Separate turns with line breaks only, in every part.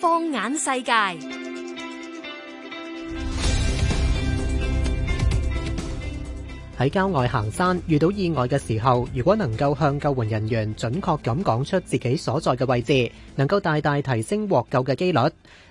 放眼世界。喺郊外行山遇到意外嘅時候，如果能夠向救援人員準確咁講出自己所在嘅位置，能夠大大提升獲救嘅幾率。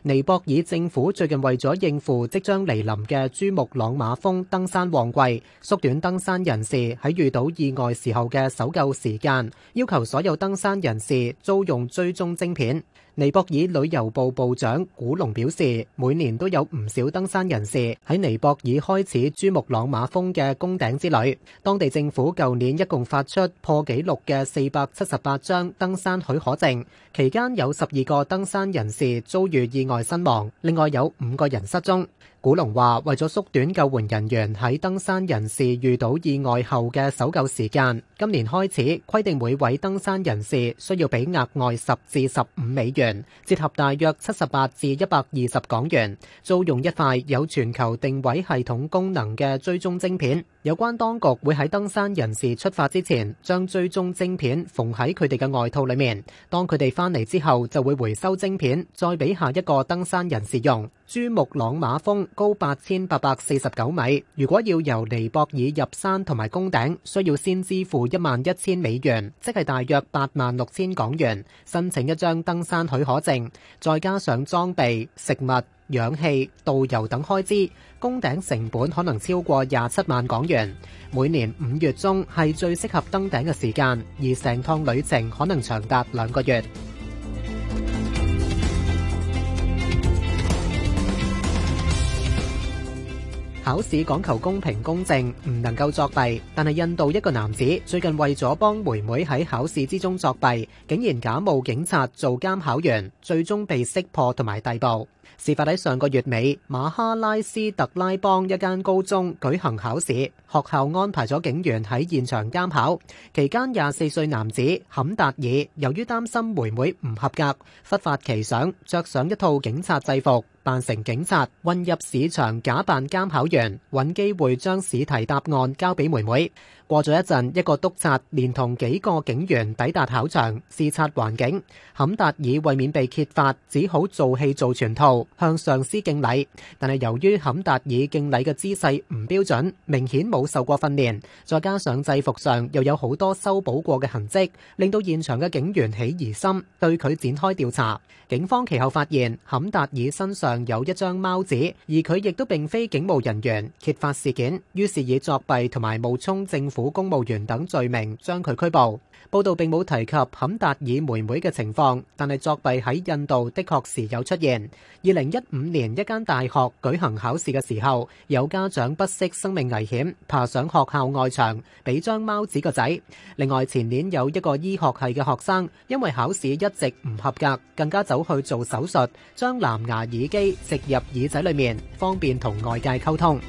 尼泊爾政府最近為咗應付即將嚟臨嘅珠穆朗瑪峰登山旺季，縮短登山人士喺遇到意外時候嘅搜救時間，要求所有登山人士租用追蹤晶片。尼泊爾旅遊部部長古龍表示，每年都有唔少登山人士喺尼泊爾開始珠穆朗瑪峰嘅攻頂之旅，當地政府舊年一共發出破紀錄嘅四百七十八張登山許可證，期間有十二個登山人士遭遇意外身亡，另外有五個人失蹤。古龍話：為咗縮短救援人員喺登山人士遇到意外後嘅搜救時間，今年開始規定每位登山人士需要俾額外十至十五美元，折合大約七十八至一百二十港元，租用一塊有全球定位系統功能嘅追蹤晶片。有關當局會喺登山人士出發之前，將追蹤晶片縫喺佢哋嘅外套裏面。當佢哋翻嚟之後，就會回收晶片，再俾下一個登山人士用。珠穆朗瑪峰。高八千八百四十九米，如果要由尼泊爾入山同埋攻頂，需要先支付一萬一千美元，即係大約八萬六千港元，申請一張登山許可證，再加上裝備、食物、氧氣、導遊等開支，攻頂成本可能超過廿七萬港元。每年五月中係最適合登頂嘅時間，而成趟旅程可能長達兩個月。考試講求公平公正，唔能夠作弊。但係印度一個男子最近為咗幫妹妹喺考試之中作弊，竟然假冒警察做監考員，最終被識破同埋逮捕。事發喺上個月尾，馬哈拉斯特拉邦一間高中舉行考試，學校安排咗警員喺現場監考。期間，廿四歲男子坎達爾由於擔心妹妹唔合格，忽發奇想，着上一套警察制服，扮成警察混入試場，假扮監考員，揾機會將試題答案交俾妹妹。過咗一陣，一個督察連同幾個警員抵達考場，視察環境。坎達爾為免被揭發，只好做戲做全套。向上司敬禮，但係由於坎達爾敬禮嘅姿勢唔標準，明顯冇受過訓練，再加上制服上又有好多修補過嘅痕跡，令到現場嘅警員起疑心，對佢展開調查。警方其後發現坎達爾身上有一張貓紙，而佢亦都並非警務人員，揭發事件，於是以作弊同埋冒充政府公務員等罪名將佢拘捕。報道並冇提及坎達爾妹妹嘅情況，但係作弊喺印度的確時有出現。二零一五年，一間大學舉行考試嘅時候，有家長不惜生命危險爬上學校外牆，俾張貓紙個仔。另外，前年有一個醫學系嘅學生，因為考試一直唔合格，更加走去做手術，將藍牙耳機植入耳仔裏面，方便同外界溝通。